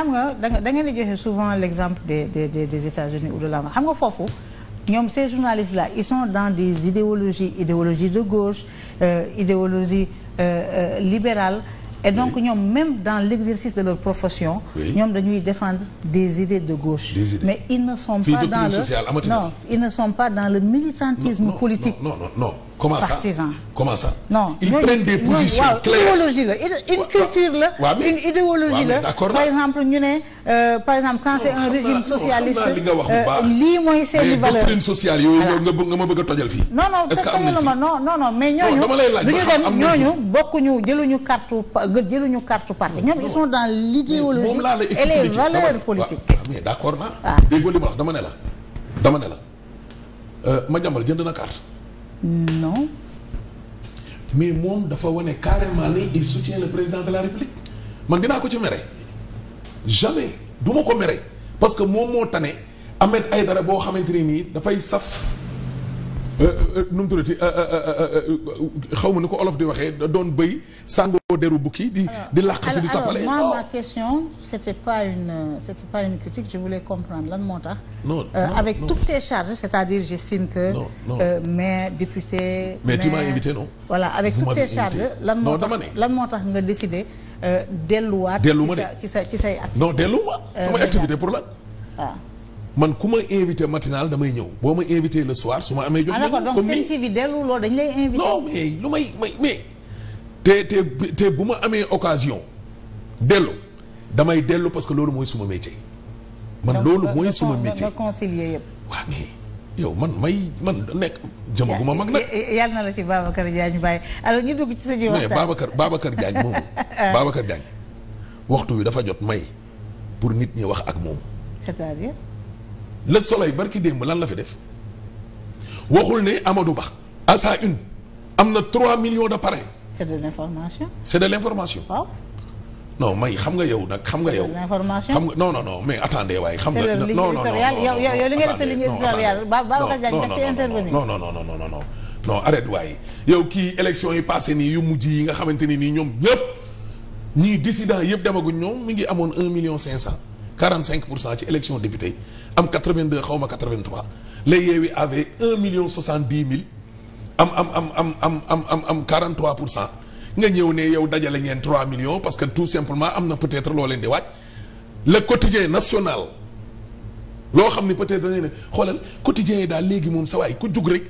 xam nga da nga da ngeen di joxe souvent l'exemple des des des des États-Unis ou de l'Inde xam nga foofu ñoom ces journalistes là ils dans des idéologies idéologie de gauche euh, idéologie euh, euh et donc ñoom même dans l'exercice de leur profession ñoom oui. dañuy défendre des idées de gauche mais ils ne sont pas dans le non ils ne sont militantisme politique non, non comment ça comment ça non ils non, prennent des non, positions waaw, claires idéologie la une culture la waaw, mais, une idéologie la par exemple ñu ne euh, par exemple quand c'est un régime socialiste euh, lii mooy seeni valeur doctrine sociale yooyu nga ma bëgg a tojal fii non non fekk ma non non non mais ñooñu du ñu dem ñooñu bokkuñu jëluñu carte jëluñu carte parti ñoom ils sont dans l'idéologie et les valeurs politiques mais d'accord naa ah. déggoo li ma wax dama ne la dama ne la euh, ma jàmbal jënd na carte non. mais moom dafa wane carrément ni il soutient le président de la république man dinaa ko ci mere jamais du ma ko mere parce que moom moo tane ay dara boo xamante ne nii dafay saf euh, euh, euh, nu mu tuddati xaw ma ni ko olof di waxee doon bëy sàngo deru bukki di di làqati di tapale moi oh! ma question c'était pas une c'était euh, avec non. toutes tes euh, mais député mais tu m'as invité non voilà avec Vous toutes lan moo tax nga décider euh, delluwaat lu de ci sa ci say activité non delluma samay activité pour la waaw ah. man ku ma invité matinal damay ñëw boo ma invité le soir su ma amee jóg ah, d'accord donc Sen TV dellu loolu dañ lay invité non may may te te bu ma amee occasion dellu damay dellu parce que loolu mooy suma métier. man loolu euh, mooy suma métier nga yow man may man nekk ma mag nag. yàlla na la ci Babacar Diagne bàyyi alors ñu dugg ci sa waxtaan mais Babacar Babacar Diagne moomu. Babacar Diagne waxtu wi dafa jot may pour nit ñi wax ak moom. c'est-à-dire. le soleil barki démb lan la fi def waxul ne Amadou Ba. à une am na 3 millions de pare c'est de l'information. c'est de waaw. non may xam nga yow nag xam nga yow. information xam nga non non non mais attendez waaye. xam nga non non non yow yow li nga def sa ligne éditoriale waaye yow kii élection yi passé nii yu mujj yi nga xamante ni nii ñoom ñëpp ñii dissident yëpp demaguñ ñoom mi ngi amoon un million cinq cent. 45 pour cent ci élection député am 82 xaw ma 83 les Yewwi avait 1 million 70 mille. am am am am am am am am pour cent nga ñëw ne yow dajale ngeen 3 millions parce que tout simplement am na peut-être loo leen di waaj le quotidien national loo xam ne peut-être da ngay ne xoolal quotidien yi daal léegi moom sa waay ku jug rek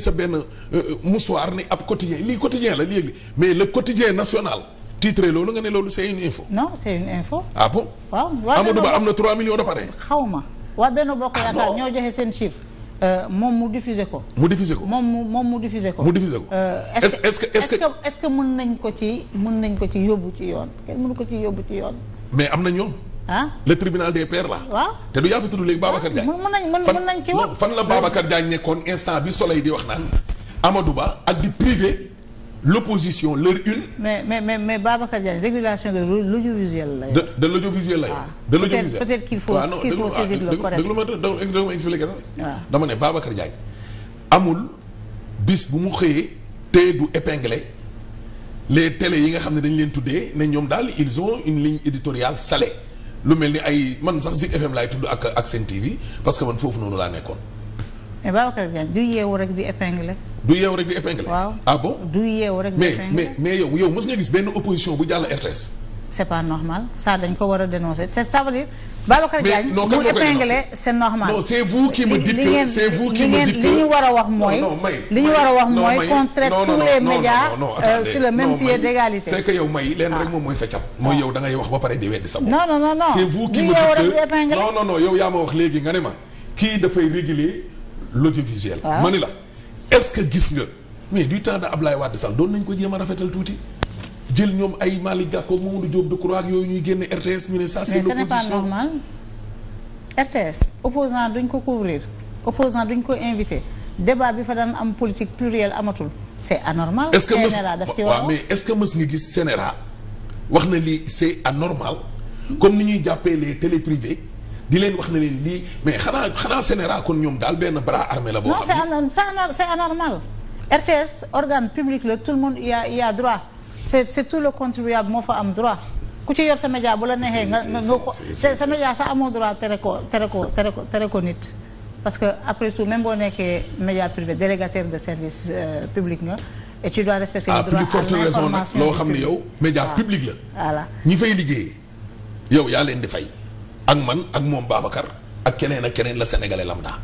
sa benn euh, euh, mouchoir ne ab quotidien lii quotidien la léegi mais le quotidien national titré loolu nga ne loolu c'est une info. non c'est une info. ah bon. am na 3 millions de pare. xaw ma waa benn bokk ah yaakaar ñoo joxe seen chiffre. Euh, moom mu diffuser ko. mu diffuser ko moom mu moom mu diffuser ko. mu diffuser ko euh, est-ce que est-ce que ce que mën nañ ko ci mën nañ ko ci yóbbu ci yoon kenn mënu ko ci yóbbu ci yoon. mais am na yoon. ah le tribunal des pairs là. waaw te du yaa fi tudd léegi Babacar Diagne. mën nañ mën nañ ci wax fan la Babacar Diagne nekkoon instant bi soleil di wax naan amadu Ba ak di privé. l'opposition leur une. mais mais mais mais Babacar Diagne régulation de l'audiovisuel la. de de l'audiovisuel la ah. de l'audiovisuel peut-être qu'il faut ah, qu'il faut ah, saisir le correct. déglu ma déglu ma expliqué dama ne Babacar Diagne amul bis bu mu xëyee te du épinglé les télé yi nga xam ne dañ leen tuddee ne ñoom daal ils ont une ligne éditoriale salée lu mel ni ay man sax si FM laay tudd ak ak Sen TV parce que man foofu noonu laa nekkoon. mais Babacar Diagne du yeewu rek di épinglé. du yeew rek di épinglé. waaw ah bon du yeew rek. di épinglé mais mais yow yow mës nga gis benn opposition bu jàll RTS. c' est pas normal ça dañ ko war a dénoncer c' est ça veut dire. Babacar Diagne bu épinglé c' est normal. non c' qui me dites que c' qui me dites li ñu war a wax mooy. li ñu wax mooy qu'on traite tous les médias euh, sur le même pied d' égalité. c' est que yow may leen ah. rek moom mooy sa cap. Ah. mooy yow da ngay wax ba pare di weddi sa bopp. non non non non c' est vous yaa ma wax léegi nga ne ma kii dafay réguler l' audiovisuel. Ah. ma ni la. est-ce que gis nga mais du temps de Ablaye Wade sax doon nañ ko jéem a rafetal tuuti jël ñoom ay Malick Gakou Mamadou Diop Decroix ak yooyu ñuy génne RTS ñu ne ça c'est l'opposition mais ce RTS opposant duñ ko couvrir opposant duñ ko invité débat bi fa am politique pluriel amatul c'est anormal. est-ce que CNRA daf ci est-ce que mës nga gis CNRA wax na lii c'est anormal comme ni ñuy jàppee les télé privées di leen wax na leen lii mais xanaa xanaa sénéra kon ñoom daal benn bras armé la boo xam ne non c'est anormal RTS organe public la tout le monde y a y a droit c'est tout le contribuable moo fa am droit ku ci yor sa média bu la neexee nga nga ko sa média sax amoo droit tere ko tere ko tere ko tere ko nit parce que après tout même boo nekkee média privé délégataire de service euh, public nga et tu dois respecter ah, le droit à l'information loo xam ne yow média public la voilà ñi fay liggéey yow yaa leen di fay ak man ak moom Babacar ak keneen ak keneen la sénégalais lambda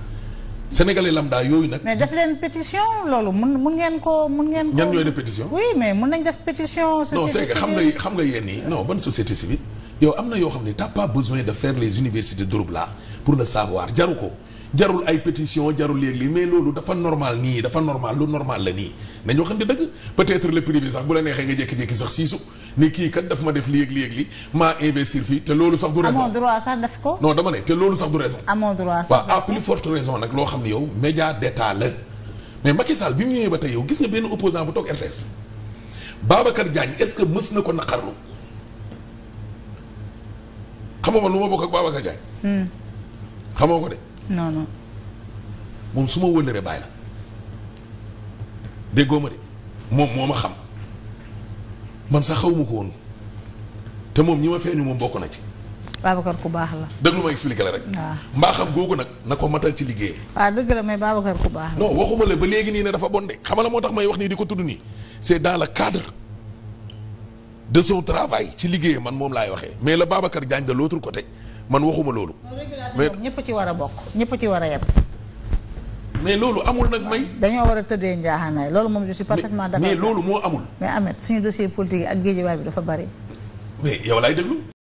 sénégalais lambda yooyu nag. mais def leen pétition loolu mun mun ngeen ko mun ngeen. ko ñan ñooy def pétition. oui mais mun nañ def pétition. société civile non c'est que xam nga xam nga yéen nii non ban société civile. yow am na yoo xam ne t'as pas besoin de faire les universités d'Europe là pour le savoir jaru ko jarul ay pétition jarul léeg-léeg mais loolu dafa normal nii dafa normal lu normal la nii nañu xam ne dëgg peut-être le privé sax bu la neexee nga jékki-jékki sax siisu. ni kii kat daf ma def lii ak lii ak lii maa investir fii te loolu sax du raison amoo droit sax def ko. non dama ne te loolu sax du raison. amoo droit sax raison nag loo xam ne yow média d'état la mais Macky Sall bi mu ñëwee ba tey yow gis nga benn opposant bu toog RTS Babacar Diagne est-ce que mës na ko naqarlu xam nga man lu ma bokk ak Babacar Diagne. Hmm. xamoo ko de. non moom su ma wëlëree bàyyi la déggoo ma de moom moo ma xam. man sax xaw ma ko woon te moom ñi ma feeñu moom bokk na ci. Babacar ku baax la. déglu ma expliqué la rek. waaw mbaaxam googu nag na ko matal ci liggéey. waaw dëgg la mais Babacar ku baax la. non waxuma la ba léegi nii ne dafa bon de xamala moo tax may wax nii di ko tudd nii c'est dans le cadre de son travail ci liggéey man moom laay waxee mais la Babacar Diagne de ko côté man waxuma loolu. mais régulation ñëpp ci war a bokk ñëpp ci war a yem. mais loolu amul nag may. dañoo war a tëddee njaaxaanaay loolu moom je suis parfaitement d'accord mais loolu moo amul. mais Ahmed ñu dossier politique yi ak géejewaay bi dafa bari. mais yow laay déglu.